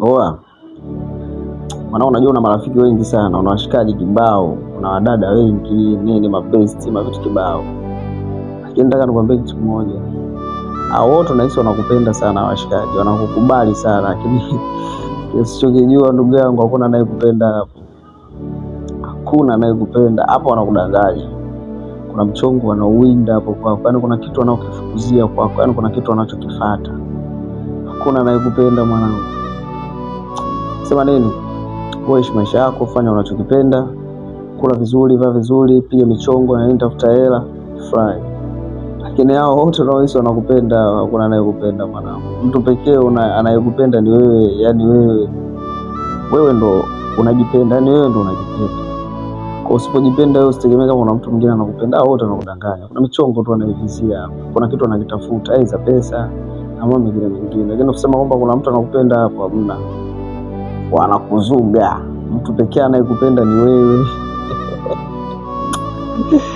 Oa mwanao, unajua una marafiki wengi sana, una washikaji kibao, una wadada wengi nini, mabesti mavitu kibao, lakini nataka nikwambie kitu kimoja, hao wote nahisi wanakupenda sana, washikaji wanakukubali sana, lakini kisichokijua ndugu yangu, hakuna anayekupenda hapo, hakuna anayekupenda hapo, wanakudanganya kuna mchongo wanauwinda hapo kwako, yaani kuna kitu wanaokifukuzia kwako, yaani kuna kitu wanachokifuata. Hakuna anayekupenda mwanangu sema nini, kuishi maisha yako, fanya unachokipenda, kula vizuri, vaa vizuri, piga michongo na nini, tafuta hela, fry. Lakini hao wote unaohisi wanakupenda, hakuna anayekupenda mwanangu. Mtu pekee anayekupenda ni wewe, yani wewe, wewe ndo unajipenda, yani wewe ndo unajipenda. Kwa usipojipenda wewe, usitegemee kama kuna mtu mwingine anakupenda. Hao wote wanakudanganya, kuna michongo tu anaivizia, kuna kitu anakitafuta, aidha pesa ama mengine mengine, lakini kusema kwamba kuna mtu anakupenda, hapo hamna wanakuzuga. Mtu pekee anayekupenda ni wewe.